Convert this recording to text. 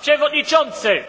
przewodniczący!